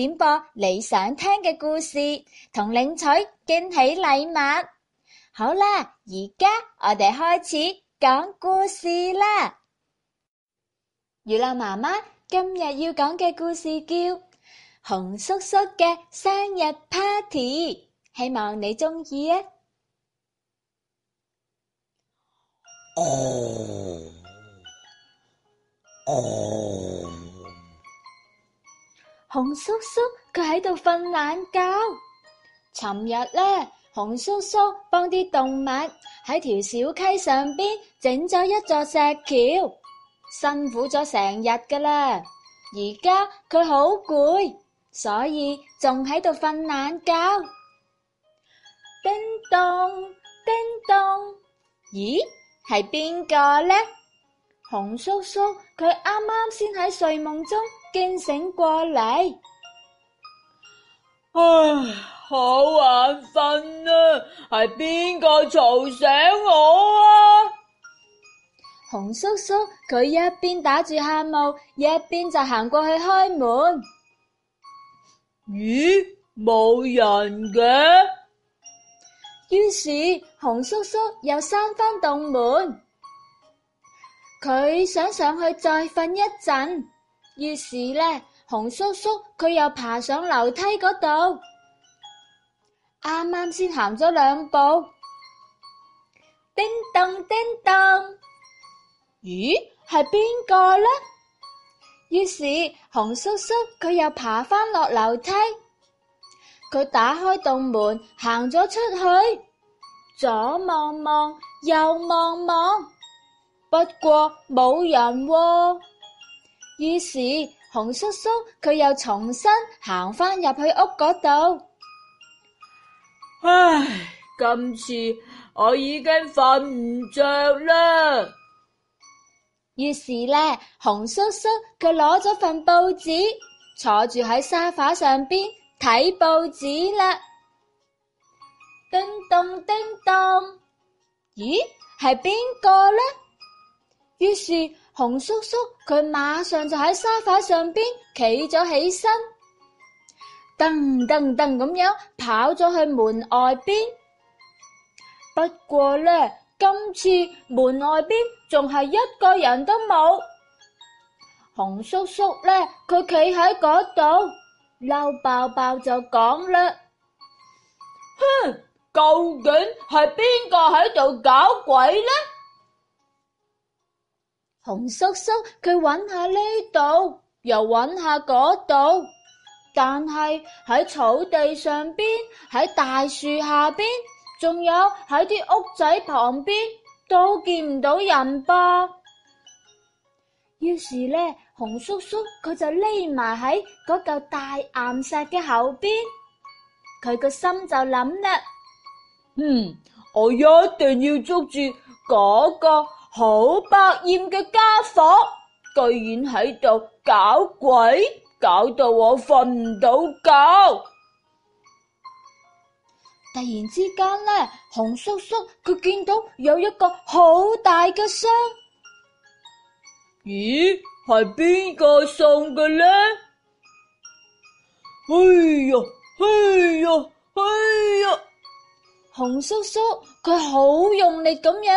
點播你想聽嘅故事，同領取驚喜禮物。好啦，而家我哋開始講故事啦。月亮媽媽今日要講嘅故事叫《熊叔叔嘅生日 party》，希望你鍾意啊！哦哦。熊叔叔佢喺度瞓懶覺。尋日呢，熊叔叔幫啲動物喺條小溪上邊整咗一座石橋，辛苦咗成日噶啦，而家佢好攰，所以仲喺度瞓懶覺。叮咚，叮咚，咦，係邊個呢？熊叔叔佢啱啱先喺睡夢中，驚醒過嚟，唉，好眼瞓啊！係邊個吵醒我啊？熊叔叔佢一邊打住喊露，一邊就行過去開門。咦，冇人嘅。於是熊叔叔又閂翻度門，佢想上去再瞓一陣。於是呢，熊叔叔佢又爬上樓梯嗰度，啱啱先行咗兩步，叮咚叮咚，咦，係邊個呢？於是熊叔叔佢又爬翻落樓梯，佢打開洞門行咗出去，左望望，右望望，不過冇人喎、哦。於是，熊叔叔佢又重新行翻入去屋嗰度。唉，今次我已經瞓唔着啦。於是呢，熊叔叔佢攞咗份報紙，坐住喺沙發上邊睇報紙啦。叮咚叮咚，咦，係邊個呢？於是。熊叔叔佢馬上就喺沙發上邊企咗起身，噔噔噔咁樣跑咗去門外邊。不過呢，今次門外邊仲係一個人都冇。熊叔叔呢，佢企喺嗰度，嬲爆爆就講啦：哼，究竟係邊個喺度搞鬼呢？熊叔叔佢揾下呢度，又揾下嗰度，但係喺草地上邊、喺大樹下邊，仲有喺啲屋仔旁邊，都見唔到人噃。於是呢，熊叔叔佢就匿埋喺嗰嚿大岩石嘅後邊，佢個心就諗啦：嗯，我一定要捉住嗰個。好百厭嘅家伙，居然喺度搞鬼，搞到我瞓唔到覺。突然之間咧，熊叔叔佢見到有一個好大嘅箱，咦，係邊個送嘅咧？哎喲，哎喲，哎喲！熊叔叔佢好用力咁樣。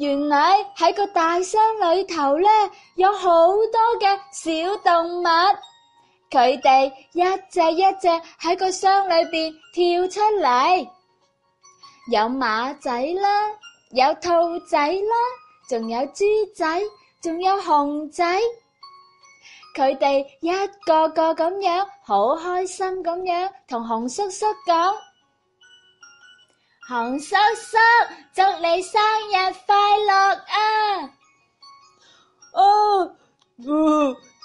原來喺個大箱裏頭咧，有好多嘅小動物，佢哋一隻一隻喺個箱裏邊跳出嚟，有馬仔啦，有兔仔啦，仲有豬仔，仲有熊仔，佢哋一個個咁樣，好開心咁樣，同熊叔叔講。熊叔叔，祝你生日快樂啊！哦，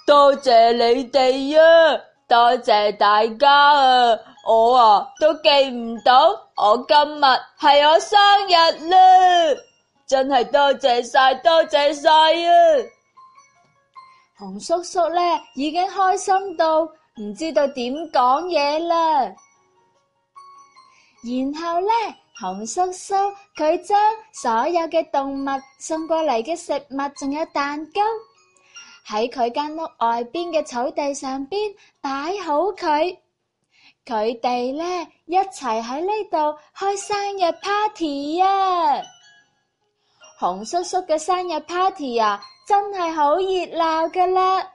多謝你哋啊，多謝大家啊，我啊都記唔到，我今日係我生日啦，真係多謝晒，多謝晒啊！熊叔叔咧已經開心到唔知道點講嘢啦，然後咧。熊叔叔佢將所有嘅動物送過嚟嘅食物，仲有蛋糕，喺佢間屋外邊嘅草地上邊擺好佢，佢哋咧一齊喺呢度開生日 party 啊！熊叔叔嘅生日 party 啊，真係好熱鬧噶啦！